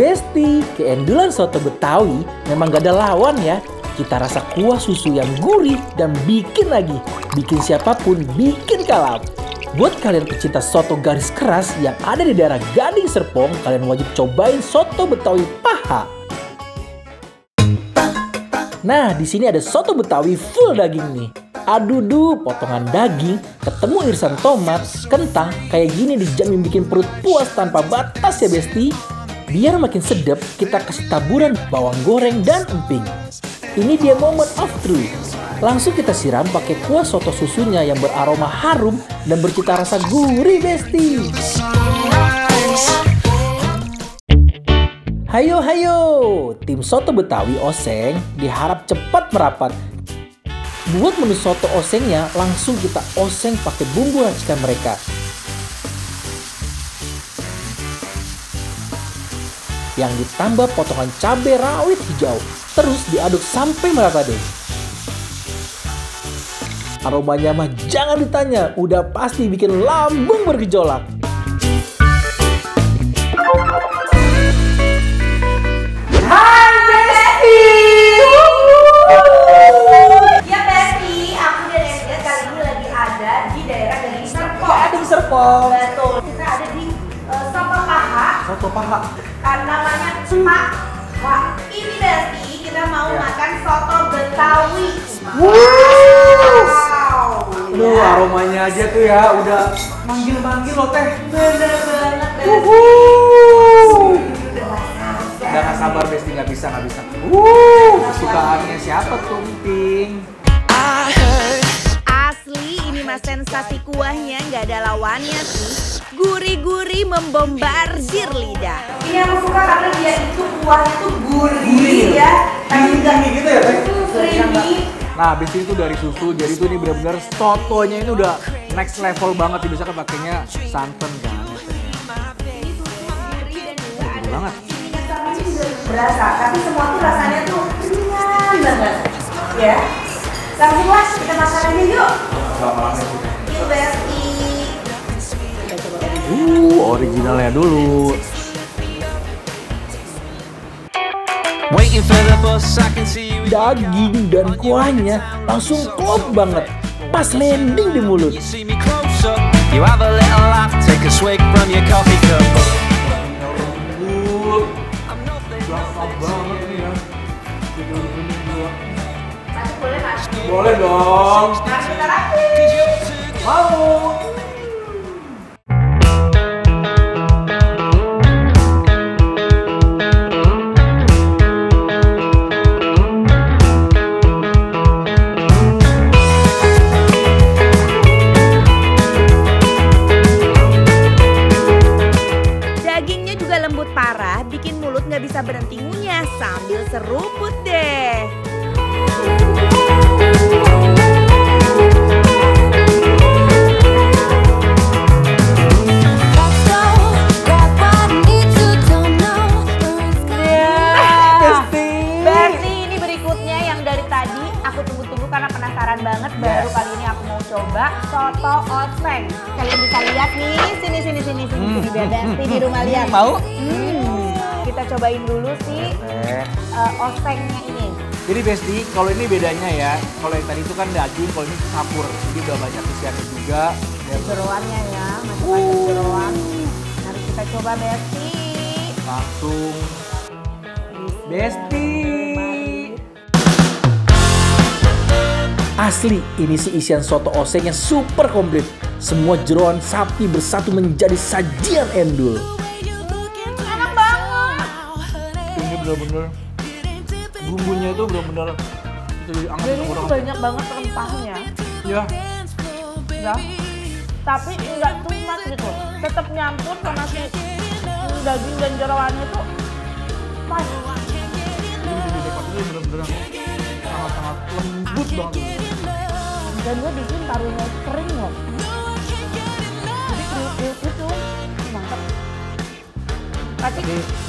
Besti, keendulan soto Betawi memang gak ada lawan ya. Kita rasa kuah susu yang gurih dan bikin lagi. Bikin siapapun bikin kalap. Buat kalian pecinta soto garis keras yang ada di daerah Gading Serpong, kalian wajib cobain soto Betawi paha. Nah, di sini ada soto Betawi full daging nih. Aduh duh, potongan daging, ketemu irisan tomat, kentang, kayak gini dijamin bikin perut puas tanpa batas ya besti. Biar makin sedap, kita kasih taburan bawang goreng dan emping. Ini dia moment of truth. Langsung kita siram pakai kuah soto susunya yang beraroma harum dan bercita rasa gurih besti. Hayo hayo, tim soto Betawi Oseng diharap cepat merapat. Buat menu soto osengnya, langsung kita oseng pakai bumbu racikan mereka. yang ditambah potongan cabai rawit hijau. Terus diaduk sampai merata deh. Aromanya mah jangan ditanya, udah pasti bikin lambung bergejolak. Ya aku dan kali ini lagi ada di daerah Serpong. Serpong. Betul. Kita ada di uh, eh, Soto Paha. Soto Paha namanya Pak Wah ini berarti kita mau yeah. makan soto Betawi. Wow. wow. Aduh, ya. aromanya aja tuh ya udah manggil-manggil loh teh. Bener banget. Uhuh. Udah gak sabar Besti, gak bisa, gak bisa. Uh, kesukaannya siapa tuh, Ting? Asli, ini mas sensasi kuahnya nggak ada lawannya sih gurih-gurih membombardir lidah. Ini yang aku suka karena dia itu kuahnya tuh gurih, gurih ya. Tapi gitu ya, creamy. Nah, abis itu dari susu, jadi tuh ini benar-benar sotonya ini udah next level banget. Bisa kan pakainya santan kan. Gurih banget. Berasa, tapi semua tuh rasanya tuh ringan banget. Ya. Langsung lah, kita makan aja yuk. Yuk, Besti. Uh, originalnya dulu. Daging dan kuahnya langsung klop banget, pas landing di mulut. Boleh dong. Mau. penasaran banget baru kali ini aku mau coba soto oseng Kalian bisa lihat nih sini sini sini sini hmm. sini bebesti di rumah lihat. Mau? Hmm. Kita cobain dulu sih okay. uh, eh, osengnya ini. Jadi Besti, kalau ini bedanya ya, kalau yang tadi itu kan daging, kalau ini campur. Jadi udah banyak isiannya juga. Jeroannya ya, masih uh. banyak jeroan. Harus kita coba Besti. Langsung. Besti. Asli, ini sih isian soto osengnya super komplit. Semua jeroan sapi bersatu menjadi sajian endul. Enak banget. Ini bener-bener bumbunya itu bener-bener itu angin Jadi itu banyak banget rempahnya. Iya. Ya. Tapi enggak tumat gitu. Tetap nyampur sama si daging dan jeroannya tuh pas. Ini di benar itu bener-bener sangat-sangat lembut banget dan gue bikin parunya kering loh jadi kriuk-kriuk gitu mantep. racik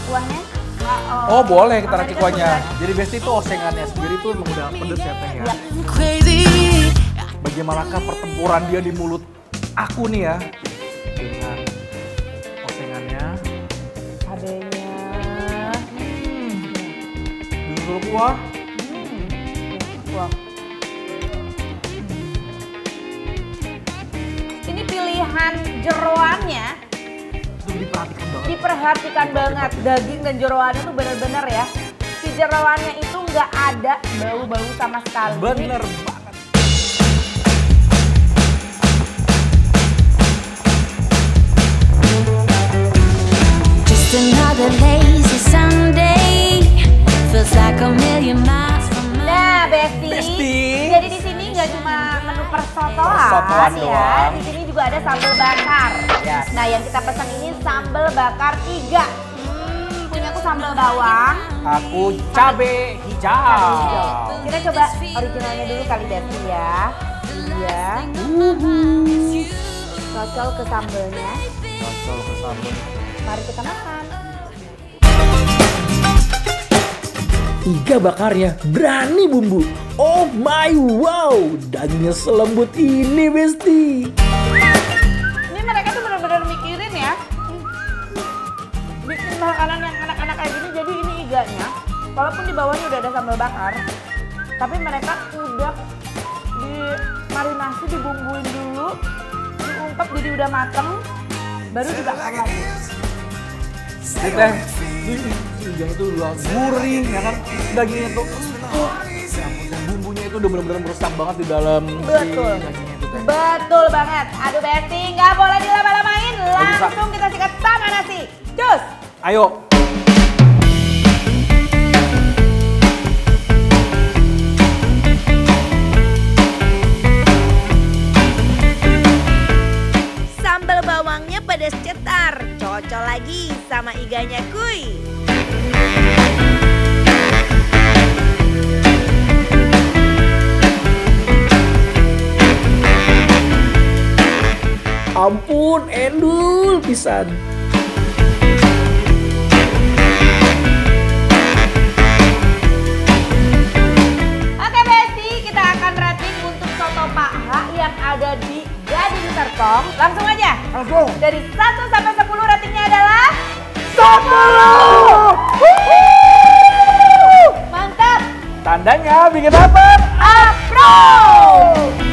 kuahnya Oh, oh boleh kita racik kuahnya. Jadi besti itu osengannya sendiri tuh emang udah pedes ya teh ya. Iya. Bagaimanakah pertempuran dia di mulut aku nih ya dengan osengannya, cabenya, hmm. kuah, hmm. Iya, kuah. dengan jeroannya diperhatikan banget. Diperhatikan banget daging dan jeroannya tuh bener-bener ya. Si jeroannya itu nggak ada bau-bau sama sekali. Bener Nah, Besti. Besti. Jadi di sini nggak cuma menu persotoan, persotoan ya. Doang. Di sini juga ada sambal bakar. Yes. Iya. Nah, yang kita pesan ini sambal bakar tiga. Hmm, punya aku sambal bawang. Aku cabe hijau. Kita coba originalnya dulu kali Betty ya. Iya. Uhuh. Cocol ke sambalnya. Cocol ke sambal. Mari kita makan. iga bakarnya berani bumbu. Oh my wow, dagingnya selembut ini besti ya bikin makanan yang anak-anak kayak gini jadi ini iganya walaupun di bawahnya udah ada sambal bakar tapi mereka udah dimarinasi dibumbuin dulu diungkep jadi udah mateng baru dibakar lagi kita yang itu udah gurih ya kan dagingnya tuh empuk bumbunya itu udah bener-bener meresap banget di dalam betul si dagingnya itu betul banget aduh Betty nggak boleh dilakukan Ayo. Sambal bawangnya pedas cetar, cocok lagi sama iganya kuy. Ampun, endul pisan. yang ada di Gading Serpong. Langsung aja. Langsung. Dari 1 sampai 10 ratingnya adalah 10. Mantap. Tandanya bikin apa? Approve.